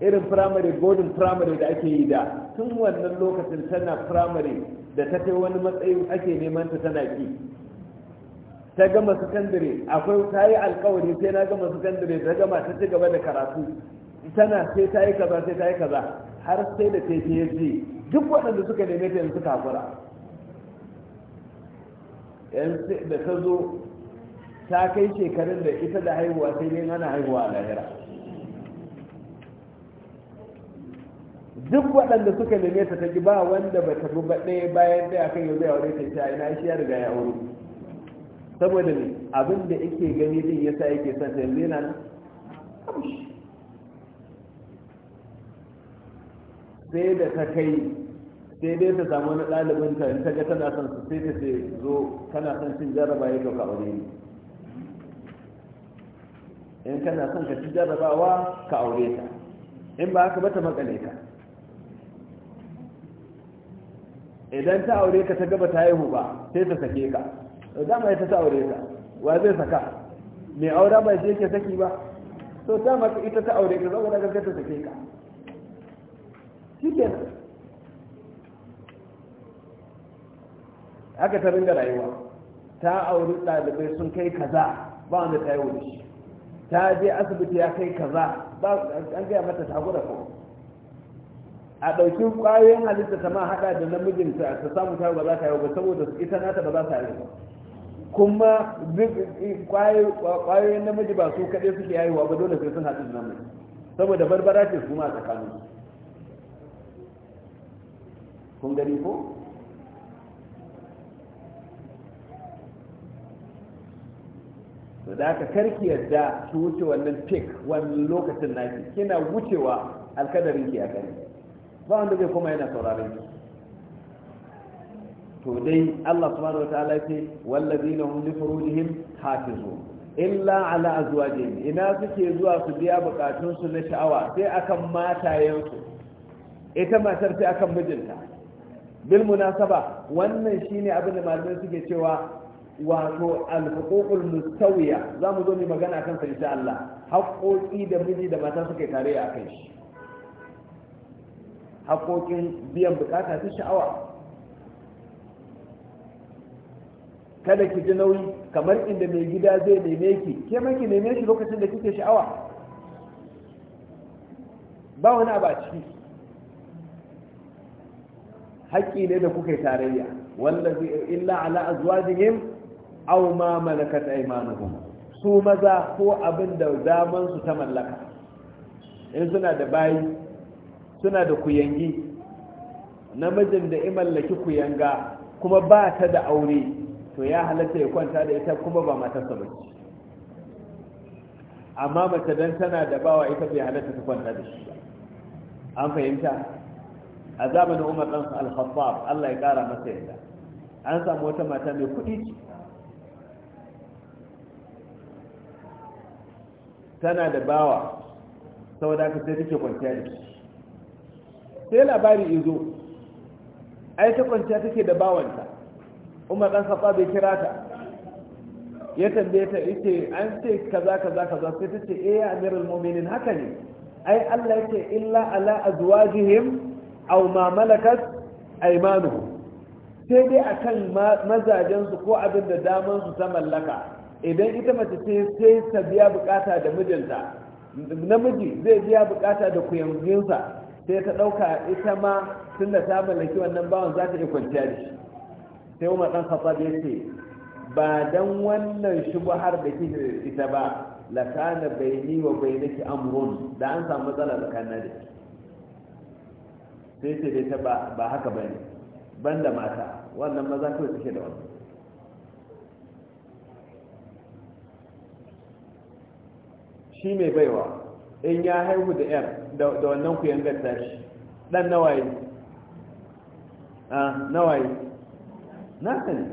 irin firamare godin firamare da ake yi da tun wannan lokacin tana firamare da ta kai wani matsayin ake neman ta tana ƙi ta gama sakandare akwai ta yi alkawari sai na gama sakandare ta gama ta ci gaba da karatu tana sai ta yi kaza sai ta yi kaza har sai da ta yi duk waɗanda suka neme ta yanzu kafura. da ta zo ta kai shekarun da ita da haihuwa sai dai ana haihuwa a lahira duk waɗanda suka neme ta ta ba wanda ba ta ba ɗaya bayan ɗaya kan yau zai aure ta ta ina shi ya riga ya aure saboda ne abin da yake gani din yasa yake son ta yanzu yana nan sai da ta kai sai dai ta samu wani ɗalibin ta in ta ga tana son su sai ta ce zo kana son cin jarraba ya ka aure ni in kana son ka ci jarrabawa ka aure ta in ba haka ba ta makale ka idan ta aure ka ta gaba ta haihu ba sai ta sake ka dama ita ta aure ka wa zai saka mai aura ba shi yake saki ba so ta maka ita ta aure ka zaune daga ta sake ka shi kenan haka ta ringa rayuwa ta auri ɗalibai sun kai kaza ba wanda ta yi wuce ta je asibiti ya kai kaza ba an gaya mata ta gura ko a ɗauki ƙwayoyin halitta ta ma haɗa da namijinta ta samu ta ba za ta yi ba saboda ita nata ba za ta yi ba kuma ƙwayoyin namiji ba su kaɗai suke yayiwa ba dole sai sun haɗu da namiji saboda barbara ce su ma tsakanin kun gani ko to da aka karki yadda su wuce wannan fik wannan lokacin naki kina wucewa alkadarin ki a gani ba wanda zai kuma yana sauraron ki to dai Allah subhanahu wa ta'ala ce wallazina hum li furujihim hafizun illa ala azwajihim ina suke zuwa su biya bukatun su na sha'awa sai akan matayensu ita matar sai akan mijinta bil munasaba wannan shine abin da malamai suke cewa wato alhuququl mustawiya za mu zo mu magana kan sa insha Allah haƙoƙi da miji da mata suke tare a kai shi haƙoƙin biyan bukata ta sha'awa kada ki ji nauyi kamar inda mai gida zai neme ki ke ma ki neme shi lokacin da kike sha'awa ba wani abu a ciki haƙƙi ne da kuka yi tarayya wallazi illa ala azwajihim aw ma malakat aymanuhum su maza ko abin da daman su ta mallaka in suna da bayi suna da kuyangi namijin da imallaki kuyanga kuma ba ta da aure to ya halatta ya kwanta da ita kuma ba matarsa ba amma mace dan tana da bawa ita bai halatta ta kwanta da shi an fahimta a zamanin umar ɗansa al-khattab Allah ya ƙara masa yadda an samu wata mata mai kuɗi tana da bawa saboda ka sai take kwanciya da shi sai labari izo ai ta kwanciya take da bawanta umar dan safa bai kira ta ya tambaye ta yace an ce kaza kaza kaza sai ta ce eh ya amirul mu'minin haka ne ai Allah yake illa ala azwajihim aw ma malakat aymanuhum sai dai akan mazajen su ko abin da daman su ta mallaka idan ita mace ce sai ta biya bukata da mijinta namiji zai biya bukata da kuyanginsa sai ta ɗauka ita ma tun da ta mallaki wannan bawan za ta iya kwanciya da shi sai umar ɗan khattab ya ce ba dan wannan har da kike da ita ba kana baini wa bainaki amrun da an samu matsala tsakanin da sai ce dai ta ba haka bane banda mata wannan maza kawai suke da wannan shi mai baiwa in ya haihu da yar da wannan ku yangar tashi dan nawaye a nawaye nasa ne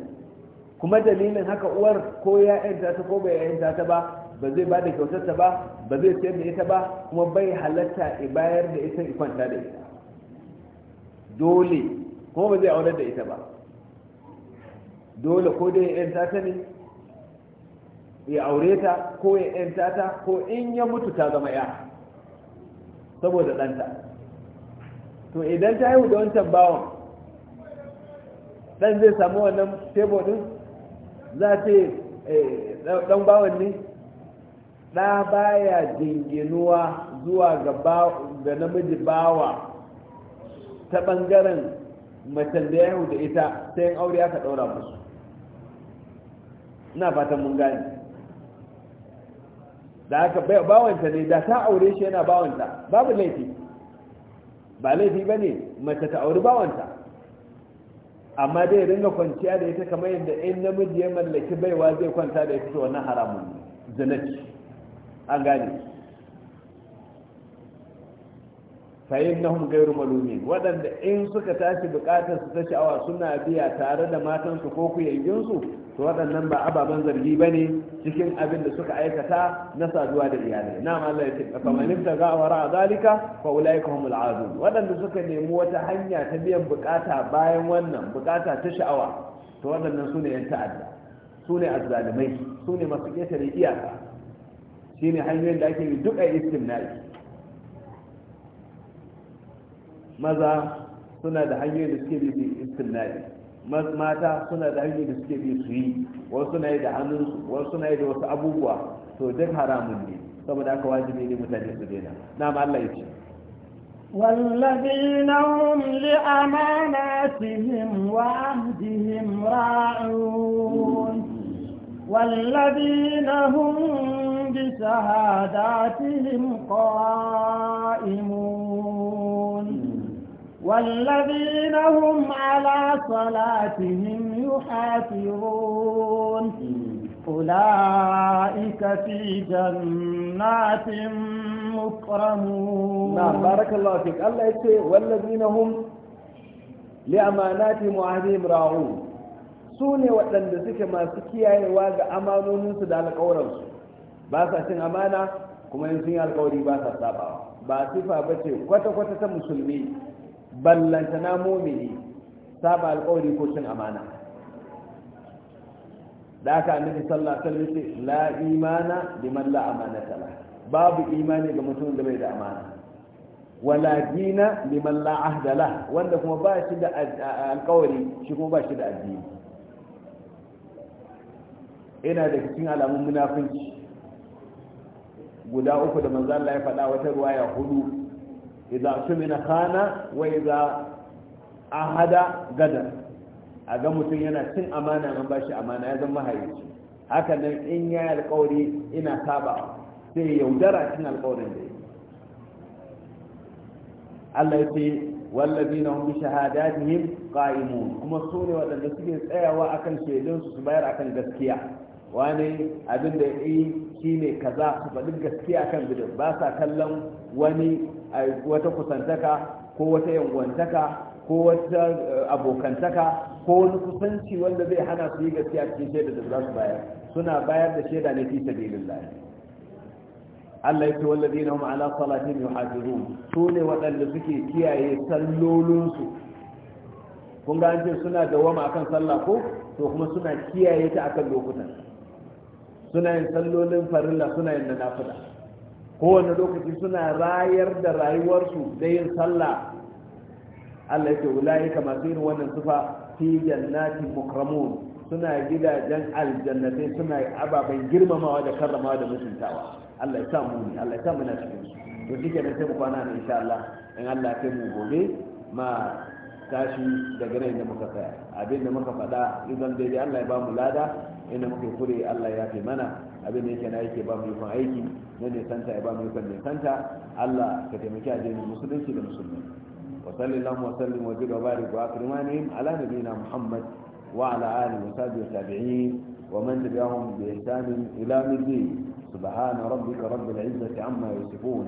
kuma dalilin haka uwar ko ya yanta ta ko bai yanta ta ba ba zai ba da kyautar ta ba ba zai sayar da ita ba kuma bai halatta i bayar da ita i kwanta da ita dole kuma ba zai aurar da ita ba dole ko dai yanta ta ne ya aure ta ko ya yanta ta ko in ya mutu ta zama ya saboda ɗanta to idan ta haihu da wancan bawan ɗan zai samu wannan tebo ɗin za ce eh, ɗan bawan ne ɗa baya jinginuwa zuwa ga namiji bawa ta ɓangaren macen da ya haihu da ita sai aure aka ɗaura musu ina fatan mun gani da haka bawanta ne da ta aure shi yana bawanta babu laifi ba laifi ba ne mace ta auri bawanta amma dai ringa kwanciya da ita kamar yadda in namiji ya mallaki baiwa zai kwanta da ita wannan haramun zinaci an gane fayin na hun gairu malumi waɗanda in suka tashi bukatar su ta sha'awa suna biya tare da matansu ko kuyayyunsu to waɗannan ba ababen zargi ba ne cikin abin da suka aikata na saduwa da iyalai na Allah ya ce ta man ibtaga wara zalika fa ya humul azun waɗanda suka nemi wata hanya ta biyan bukata bayan wannan bukata ta sha'awa to waɗannan sune yan ta'adda sune azzalimai sune masu ƙetare iyaka shine hanyoyin da ake yi duk a istimna'i maza suna da hanyoyin da suke bi istimna'i mata suna da hanyar da suke bi su yi wasu na yi da hannunsu wasu na yi da wasu abubuwa to duk haramun ne saboda aka wajibi ne mutane su daina na ma Allah ya ce والذين هم لأماناتهم وعهدهم راعون والذين هم بشهاداتهم قائمون والذين هم على صلاتهم يحافظون أولئك في جنات مكرمون نعم بارك الله فيك الله يتي والذين هم لأماناتهم وعهدهم راعون سوني وأن ذلك ما سكيا يواجه أمانون سدال قورهم باسا سن أمانة كما ينسي القوري باسا سابعا ba sifa ba ce kwata-kwata ta musulmi ballantana mumini saba alƙawari ko cin amana da aka annabi sallallahu alaihi wasallam la imana liman la amanata la babu imani ga mutumin da bai da amana wala dina liman la ahda la wanda kuma ba shi da alƙawari shi kuma ba shi da addini ina da cikin alamun munafunci guda uku da manzo Allah ya faɗa wata ruwaya hudu idza tumina khana wa idza ahada gadar a ga mutum yana cin amana an ba shi amana ya zama mahaici haka nan in ya yi alkawari ina saba sai yaudara cin alkawarin da ya Allah ya ce na hum bi yin qa'imun kuma su ne waɗanda suke tsayawa akan shaidunsu su su bayar akan gaskiya wani abin da yi shine kaza su faɗi gaskiya kan bidin ba sa kallon wani wata kusantaka ko wata yanwantaka ko wata eh, abokantaka ko wani kusanci wanda zai hana su yi gaskiya cikin shaida da za su bayar suna bayar da shaida ne fi sabilillah Allah ya ce wallazina hum ala salatin yuhafizun su ne waɗanda suke kiyaye sallolinsu kun ga an ce suna dawama akan sallah ko to kuma suna kiyaye ta akan lokutan suna yin sallolin farilla suna yin na nafila kowane lokaci suna rayar da rayuwarsu da yin sallah Allah yake ulaika masu yin wannan sufa fi jannatin mukramun suna gidajen aljannatai suna ababen girmamawa da karramawa da mutuntawa Allah ya sa mu ne Allah ya sa mu na cikin su to shikenan sai mu kwana ne insha Allah in Allah ya kai mu gobe ma tashi daga nan da muka tsaya abin da muka faɗa idan daidai Allah ya ba mu lada inda muka kure Allah ya fi mana abin da yake na yake ba mu yukon aiki na nisanta ya ba mu yukon nisanta Allah ka taimaki a addinin musulunci da musulmi wa sallallahu wa sallim wa jira barik wa akrimanihim ala nabiyina muhammad wa ala alihi wa sahbihi wa tabi'in wa man tabi'ahum bi ihsan ila yawm الدين سبحان ربك رب العزة عما يصفون